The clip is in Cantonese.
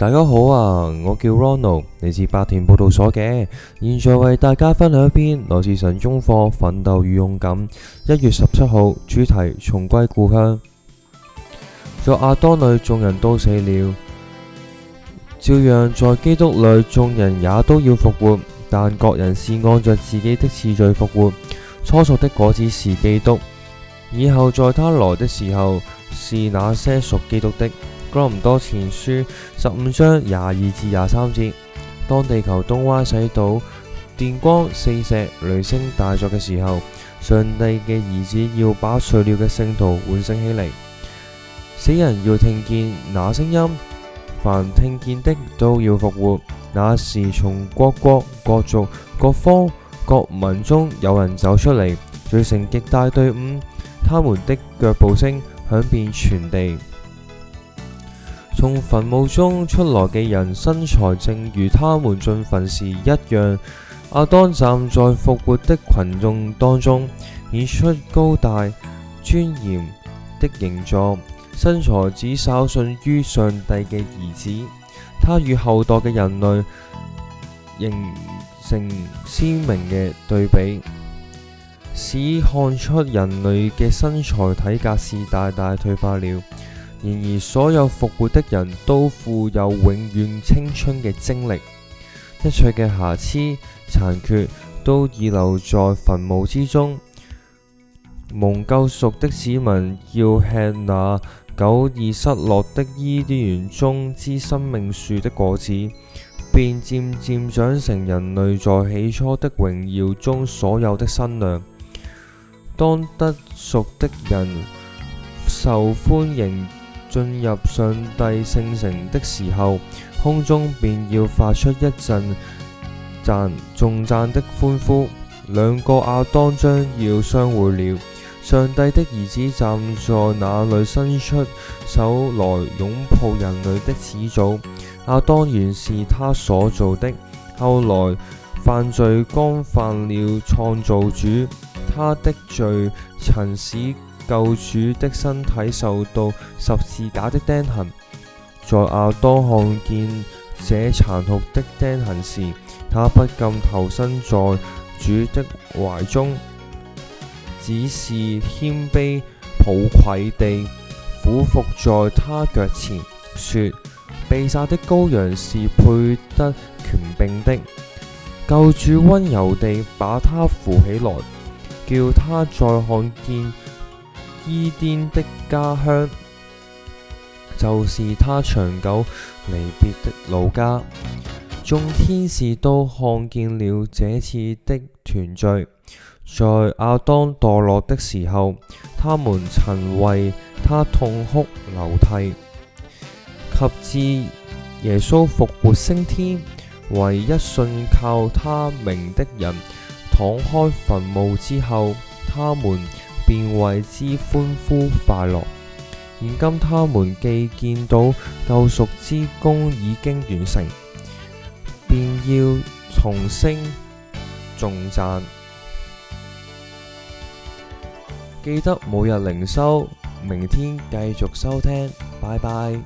大家好啊，我叫 Ronald，嚟自白田報道所嘅，現在為大家分享一篇來自神中課奮鬥與勇敢，一月十七號主題重歸故鄉。在亞當裏眾人都死了，照樣在基督裏眾人也都要復活，但各人是按着自己的次序復活。初熟的果子是基督，以後在他來的時候是那些屬基督的。《哥林多前書》十五章廿二至廿三節，當地球東歪西倒、電光四射、雷聲大作嘅時候，上帝嘅兒子要把睡了嘅聖徒喚醒起嚟，死人要聽見那聲音，凡聽見的都要復活。那時從各國、各族、各方、各民中有人走出嚟，聚成極大隊伍，他們的腳步聲響遍全地。從墳墓中出來嘅人身材正如他們進墳時一樣。阿當站在復活的群眾當中，顯出高大尊嚴的形狀。身材只稍遜於上帝嘅兒子，他與後代嘅人類形成鮮明嘅對比，使看出人類嘅身材體格是大大退化了。然而，所有復活的人都富有永遠青春嘅精力，一切嘅瑕疵殘缺都遺留在墳墓之中。蒙救贖的子民要吃那久已失落的伊甸園中之生命樹的果子，便漸漸長成人類在起初的榮耀中所有的身量。當得贖的人受歡迎。進入上帝聖城的時候，空中便要發出一陣讚、重讚的歡呼。兩個亞當將要相會了。上帝的兒子站在那裏，伸出手來擁抱人類的始祖。亞當原是他所做的。後來犯罪，剛犯了創造主他的罪，曾使。救主的身體受到十字架的釘痕，在亞當看見這殘酷的釘痕時，他不禁投身在主的懷中，只是謙卑抱愧地俯伏在他腳前，說：被殺的羔羊是配得權柄的。救主溫柔地把他扶起來，叫他再看見。伊甸的家鄉，就是他長久離別的老家。眾天使都看見了這次的團聚，在阿當墮落的時候，他們曾為他痛哭流涕；及至耶穌復活升天，唯一信靠他名的人躺開墳墓之後，他們，便為之歡呼快樂，現今他們既見到救贖之功已經完成，便要重聲重讚。記得每日靈修，明天繼續收聽，拜拜。